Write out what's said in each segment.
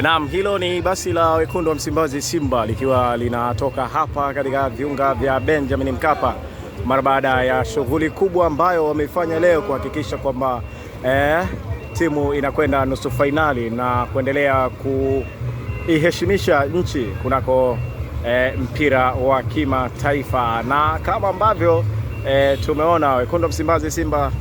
Naam, hilo ni basi la wekundu wa Msimbazi Simba likiwa linatoka hapa katika viunga vya Benjamin Mkapa mara baada ya shughuli kubwa ambayo wameifanya leo kuhakikisha kwamba eh, timu inakwenda nusu fainali na kuendelea kuiheshimisha nchi kunako eh, mpira wa kimataifa, na kama ambavyo eh, tumeona wekundu wa Msimbazi Simba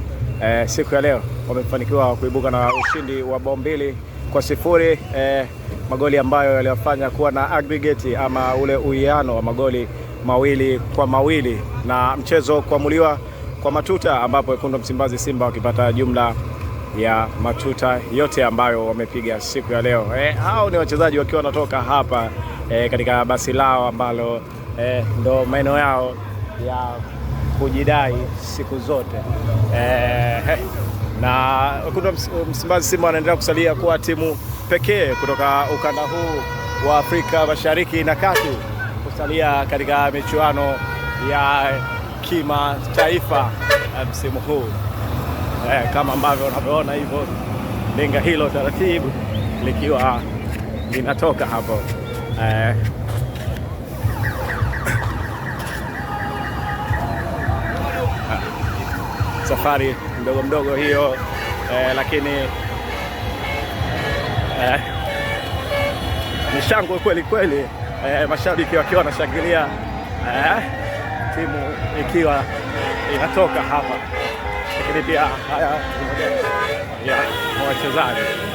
eh, siku ya leo wamefanikiwa kuibuka na ushindi wa bao mbili kwa sifuri eh, magoli ambayo yaliwafanya kuwa na aggregate ama ule uwiano wa magoli mawili kwa mawili na mchezo kuamuliwa kwa matuta ambapo wekundu Msimbazi Simba wakipata jumla ya matuta yote ambayo wamepiga siku ya leo. E, hao ni wachezaji wakiwa wanatoka hapa e, katika basi lao ambalo e, ndo maeneo yao ya kujidai siku zote eh, na kuna Msimbazi Simba wanaendelea kusalia kuwa timu pekee kutoka ukanda huu wa Afrika Mashariki na Kati kusalia katika michuano ya kimataifa eh, msimu huu eh, kama ambavyo unavyoona hivyo linga hilo taratibu likiwa linatoka hapo eh. safari mdogo mdogo hiyo eh, lakini eh, ni shangwe kweli kweli eh, mashabiki wakiwa wanashangilia eh, timu ikiwa inatoka hapa, lakini pia haya ya wachezaji